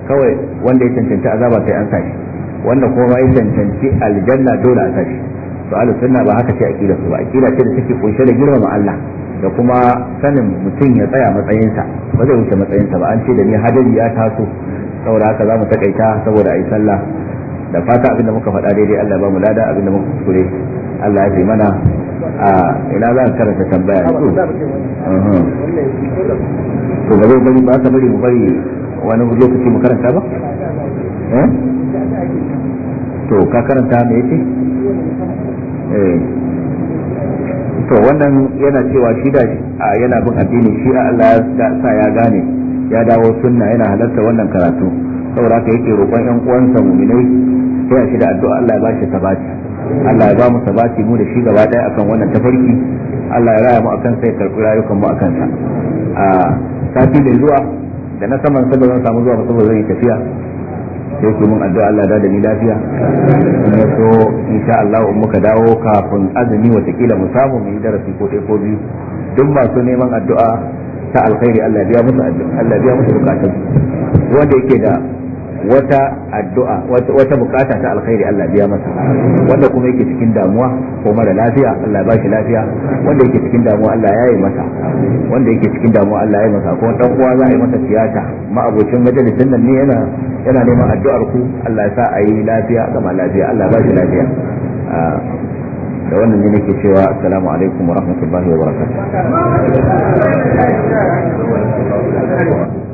kawai wanda ya cancanci azaba sai an sashi wanda kuma ya cancanci aljanna dole a sashi to ahlus sunna ba haka ce aqida su ba aqida ce da take kunshe da girmama Allah da kuma sanin mutum ya tsaya matsayinsa ba zai wuce matsayinsa ba an ce da ni hadari ya taso saboda haka za mu takaita saboda a yi sallah da fata abinda muka faɗa daidai Allah ba mu lada abinda muka kuskure Allah ya fi mana a ina za ka karanta tambaya to to ba zai bari ba ta bari mu bari wani lokaci mu karanta ba eh? to ka karanta me yake eh to wannan yana cewa shi da yana bin addini shi Allah ya sa ya gane ya dawo sunna yana halarta wannan karatu saboda haka yake roƙon ƴan uwansa mu'minai sai shi da addu'a Allah ya ba shi sabati Allah ya ba mu sabati mu da shi gaba ɗaya akan wannan tafarki Allah ya raya mu akan sai karɓi rayukan mu akan sa a sati da zuwa da na saman sabon zan samu zuwa saboda zan yi tafiya sai ku mun addu'a Allah da ni lafiya kuma so insha Allah in ka dawo kafin azumi kila mu samu mu yi darasi ko ɗaya ko biyu duk masu neman addu'a ta alkhairi Allah biya musu addu'a Allah biya musu bukatun wanda yake da wata addu'a wata bukata ta alkhairi Allah biya masa wanda kuma yake cikin damuwa ko mara lafiya Allah ya bashi lafiya wanda yake cikin damuwa Allah ya yi masa wanda yake cikin damuwa Allah ya yi masa ko dan uwa za a yi masa tiyata ma'abocin majalisin nan ne yana yana neman addu'ar ku Allah ya sa a yi lafiya kama lafiya Allah ya bashi lafiya ah, da wannan ne nake cewa assalamu alaikum wa rahmatullahi wa barakatuh